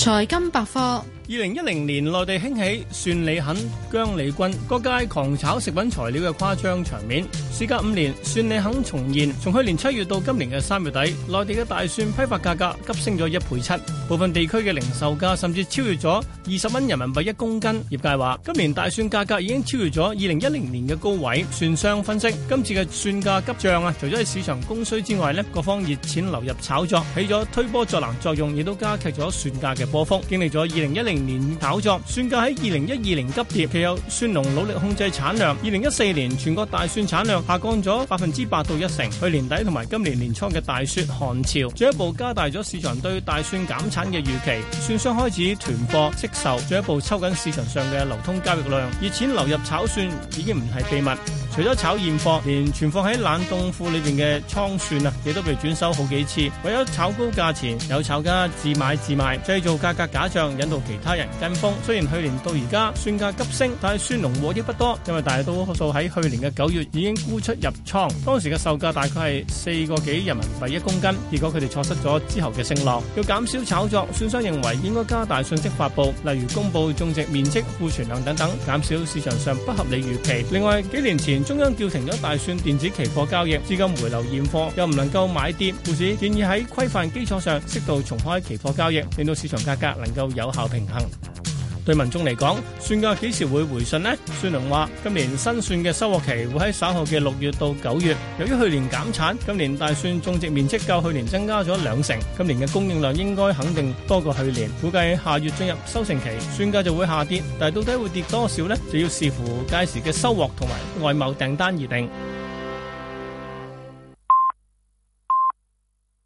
財金百科。二零一零年內地興起，蒜你狠、薑你軍，各界狂炒食品材料嘅誇張場面。事隔五年，蒜你狠重現。從去年七月到今年嘅三月底，內地嘅大蒜批發價格急升咗一倍七，部分地區嘅零售價甚至超越咗二十蚊人民幣一公斤。業界話今年大蒜價格已經超越咗二零一零年嘅高位。蒜商分析，今次嘅蒜價急漲啊，除咗喺市場供需之外咧，各方熱錢流入炒作，起咗推波助瀾作用，亦都加劇咗蒜價嘅波峰。經歷咗二零一零年炒作蒜價喺二零一二年急跌，其有蒜農努力控制產量。二零一四年全國大蒜產量下降咗百分之八到一成。去年底同埋今年年初嘅大雪寒潮，進一步加大咗市場對大蒜減產嘅預期。蒜商開始囤貨惜售，進一步抽緊市場上嘅流通交易量。熱錢流入炒蒜已經唔係秘密。除咗炒現貨，連存放喺冷凍庫裏邊嘅倉蒜啊，亦都被轉手好幾次，為咗炒高價錢，有炒家自買自賣，製造價格假象，引導其他人跟風。雖然去年到而家蒜價急升，但係蒜農獲益不多，因為大多數喺去年嘅九月已經沽出入倉，當時嘅售價大概係四個幾人民幣一公斤，結果佢哋錯失咗之後嘅升浪。要減少炒作，蒜商認為應該加大信息發布，例如公佈種植面積、庫存量等等，減少市場上不合理預期。另外幾年前，中央叫停咗大蒜電子期貨交易，資金回流現貨，又唔能夠買跌，故此建議喺規範基礎上，適度重開期貨交易，令到市場價格能夠有效平衡。對民眾嚟講，蒜價幾時會回順呢？孫龍話：今年新蒜嘅收穫期會喺稍後嘅六月到九月。由於去年減產，今年大蒜種植面積較去年增加咗兩成，今年嘅供應量應該肯定多過去年。估計下月進入收成期，蒜價就會下跌。但係到底會跌多少呢？就要視乎屆時嘅收穫同埋外貿訂單而定。